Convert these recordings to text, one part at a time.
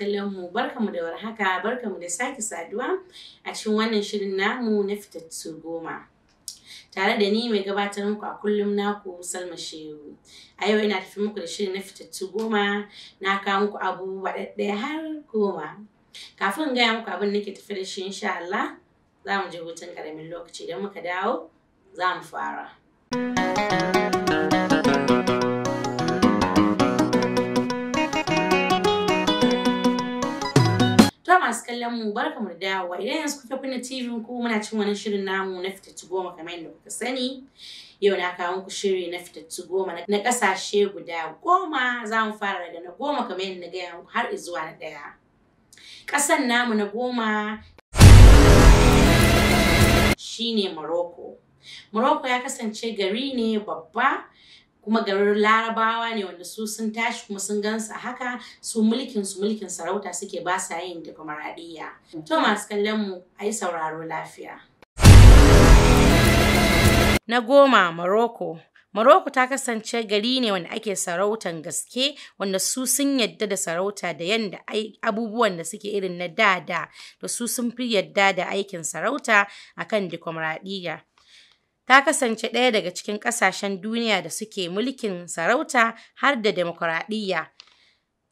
kallon mu barkamu da warhaka barkamu da sake saduwa a cikin wannan shirin namu na fitattu goma. Tare da ni mai gabatar muku a kullum naku Salma Shehu. A yau ina tafi muku da shirin na fitattu goma na kawo muku abubuwa ɗaya har goma. Kafin gaya muku abin nake tafi da shi insha Allah za mu je hutun ƙaramin lokaci idan muka dawo za mu fara. masu kallon mu barka mu dawowa idan yanzu kuka kunna TV ku muna cin wani shirin namu na fitattu goma kamar yadda kuka sani yau na kawo muku shiri na fitattu goma na kasashe guda goma za mu fara daga na goma kamar yadda na gaya muku har zuwa na ɗaya Kasan namu na goma shine Morocco Morocco ya kasance gari ne babba kuma garin larabawa ne wanda su sun tashi kuma sun gansa haka su mulkin su mulkin sarauta suke ba sa yin difamaradiyya to masu kallon mu a yi sauraro lafiya na goma Maroko, Maroko ta kasance gari ne wanda ake sarautan gaske wanda su sun yadda da sarauta da yadda abubuwan da suke irin na da da da su sun fi yadda da aikin sarauta akan dikomradiyya ta kasance ɗaya daga cikin ƙasashen duniya da suke mulkin sarauta har da demokuraɗiyya.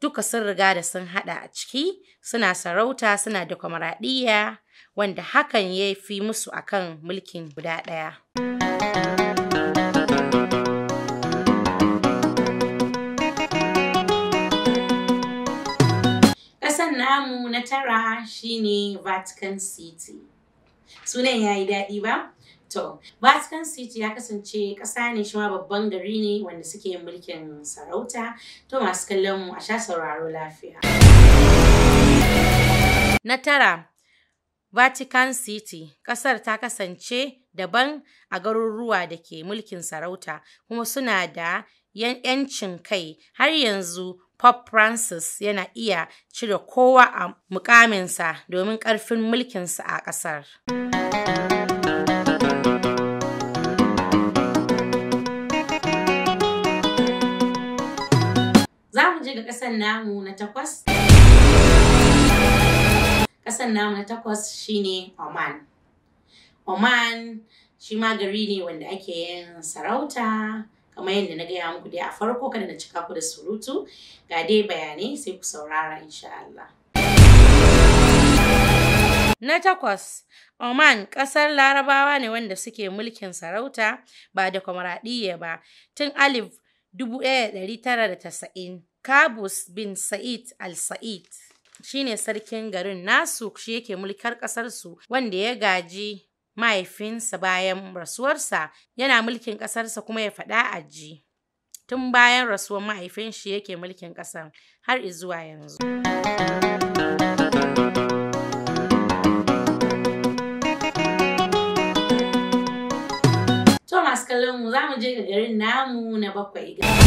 Duka sun riga da sun haɗa a ciki, suna sarauta suna demokuraɗiyya wanda hakan ya fi musu akan mulkin guda ɗaya. Ƙasar namu na tara shine Vatican City. Sunan ya yi daɗi ba? To, Vatican City ya kasance ƙasa ne shi ma babban gari ne wanda suke yin mulkin sarauta. To masu kallon mu a sha sauraro lafiya. Na tara, Vatican City ƙasar ta kasance daban a garuruwa da ke mulkin sarauta kuma suna da 'yancin kai har yanzu Pope Francis yana iya cire kowa a mukaminsa domin ƙarfin mulkinsa a ƙasar. kasan namu na takwas kasan namu na takwas shine Oman Oman shi ma gari ne wanda ake yin sarauta kamar yadda na gaya muku dai a farko kada na cika ku da surutu ga dai bayanai sai ku saurara insha Allah Na takwas, Oman ƙasar Larabawa ne wanda suke mulkin sarauta ba da kwamaradiyya ba tun alif 1990. kabus bin Sa'id Al Said shine sarkin garin nasu shi yake mulkar ƙasarsu wanda ya gaji mahaifinsa bayan rasuwarsa yana mulkin ƙasarsa kuma ya faɗa ji tun bayan rasuwar mahaifin shi yake mulkin ƙasar har izuwa yanzu. To masu kallon mu za mu je ga garin namu na bakwai.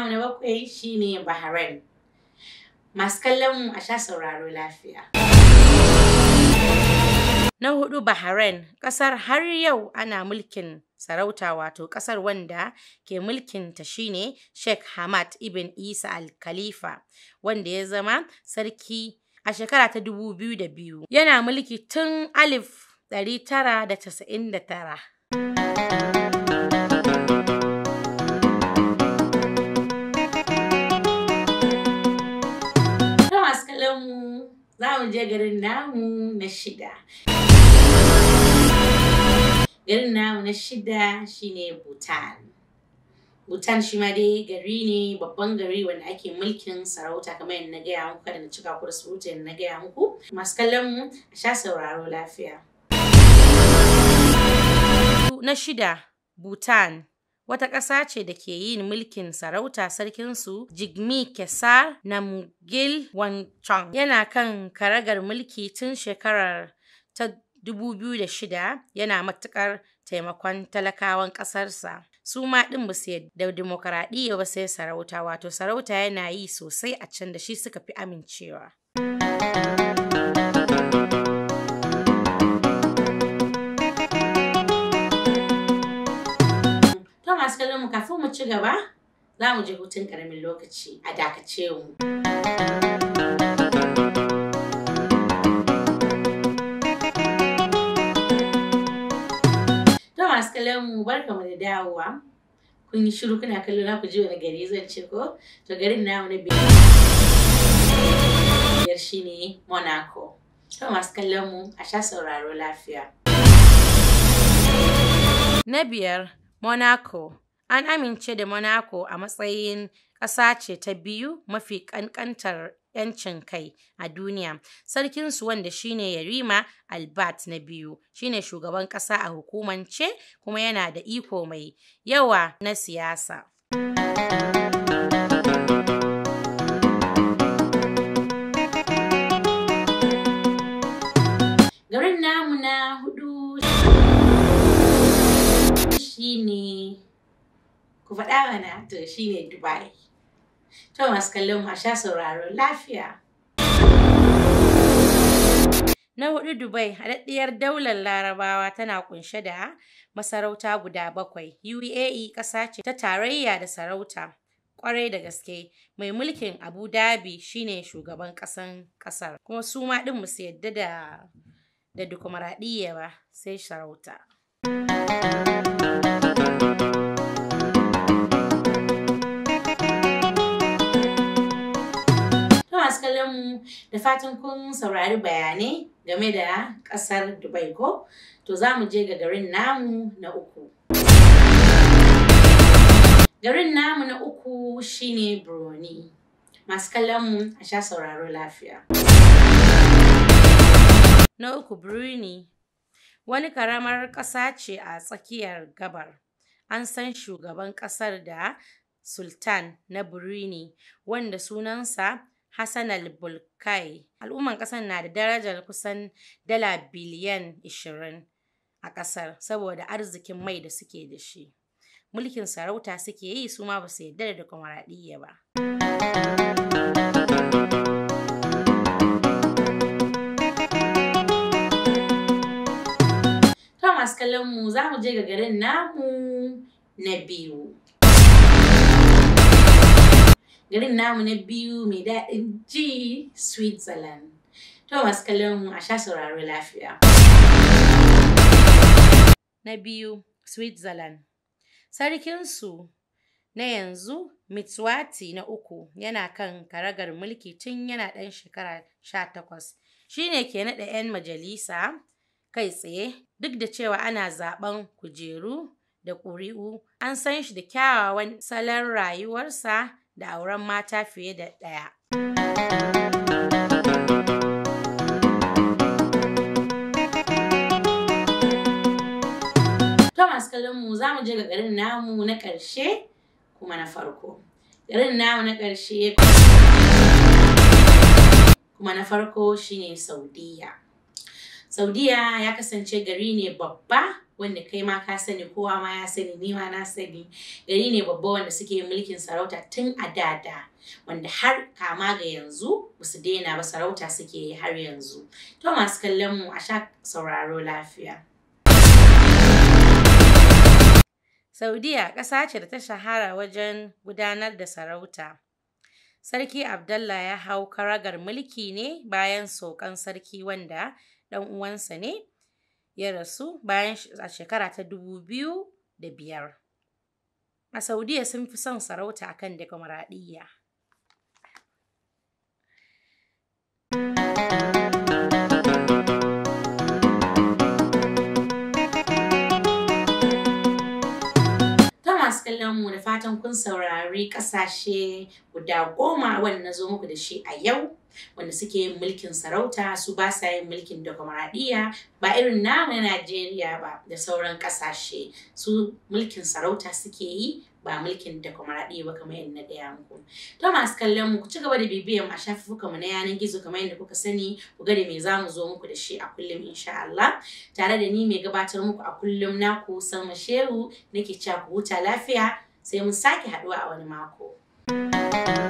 namu na bakwai shine Bahrain. Masu kallon mu a sha sauraro lafiya. Na hudu Bahrain, kasar har yau ana mulkin sarauta wato kasar wanda ke mulkinta shine Sheikh Hamad ibn Isa al-Khalifa wanda ya zama sarki a shekara ta 2002. Yana mulki tun alif 1999. garin namu na shida. Garin namu na shida shine Bhutan. Bhutan shi ma dai gari ne babban gari wanda ake mulkin sarauta kamar yadda na gaya muku kada na cika ku da surutu na gaya muku. Masu kallon mu a sha sauraro lafiya. Na shida Bhutan. wata ƙasa ce da ke yin mulkin sarauta sarkin sarkinsu Jigme Kesa Namgil Wangchang yana kan karagar mulki tun shekarar ta 2006 yana matuƙar taimakon talakawan ƙasarsa. su ma ɗin ba su da demokaradiyya ba sai sarauta wato sarauta yana yi sosai a can da shi suka fi amincewa. gaba za mu je hutun karamin lokaci a dakace mu. To masu kallon mu barka mu da dawowa. Kun yi shiru kuna kallo na ku ji wani gari zan ce ko? To garin namu na biyar ne Monaco. To masu kallon mu a sha sauraro lafiya. Na biyar Monaco An amince da Monaco a matsayin ƙasa ce ta biyu mafi ƙanƙantar 'yancin kai a duniya. Sarkinsu wanda shine Yarima Albert na biyu shine shugaban ƙasa a hukumance kuma yana da iko mai yawa na siyasa. faɗawa na to shine Dubai. To masu kallon masha sauraro lafiya. Na hudu Dubai haɗaɗɗiyar daular Larabawa tana kunshe da masarauta guda bakwai. UAE ƙasa ce ta tarayya da sarauta. ƙwarai da gaske mai mulkin abu dhabi shine shugaban ƙasan ƙasar kuma su ma ɗin musu yadda da da ba sai sarauta fatan kun saurari bayanai game da ƙasar Dubai ko? To za mu je ga garin namu na uku. Garin namu na uku shine Brunei. Masu kallonmu a sha sauraro lafiya. Na uku Brunei wani karamar ƙasa ce a tsakiyar gabar. An san shugaban ƙasar da Sultan na Brunei wanda sunansa Hassan al al'umman ƙasar na da darajar kusan dala biliyan 20 a ƙasar saboda arzikin mai da suke da shi. Mulkin sarauta suke yi su ma ba su yarda da kwamaradiyya ba. To masu kallon mu za mu je ga garin namu na biyu. garin namu na biyu mai daɗin ji Switzerland. thomas kallon a sha sauraro lafiya. Na biyu Switzerland. Sarkinsu na yanzu mitswati na uku yana kan karagar mulki tun yana ɗan shekara sha takwas. Shi ne ke naɗa 'yan majalisa kai tsaye duk da cewa ana zaben kujeru da ƙuri'u an san shi da kyawawan salon rayuwarsa da auren mata fiye da ɗaya. Thomas mu za mu je ga garin namu na ƙarshe kuma na farko. Garin namu na ƙarshe kuma na farko shine Saudiya. Saudiya ya kasance gari ne babba wanda kai ma ka sani kowa ma ya sani ni ma na sani gari ne babba wanda suke yin mulkin sarauta tun a dada wanda har kama ga yanzu ba su daina ba sarauta suke yi har yanzu to masu kallon mu a sha sauraro lafiya Saudiya ƙasa ce da ta shahara wajen gudanar da sarauta. Sarki Abdallah ya hau karagar mulki ne bayan sokan sarki wanda ɗan uwansa ne ya rasu bayan a shekara ta dubu biyu da biyar. A Saudiya sun fi son sarauta akan demokradiyya. kallon mu da fatan kun saurari kasashe guda goma wanda na zo muku da shi a yau wanda suke yin mulkin sarauta su ba sa yin mulkin dokomaradiyya ba irin namu na Najeriya ba da sauran kasashe su mulkin sarauta suke yi ba mulkin demokaradiyya ba kamar yadda na gaya muku. To masu kallon mu ku ci gaba da bibiyan mu a shafuka mu na yanar gizo kamar yadda kuka sani ku ga da me zamu zo muku da shi a kullum insha Allah tare da ni mai gabatar muku a kullum na naku Salma Shehu nake cewa ku huta lafiya sai mu sake haɗuwa a wani mako. thank you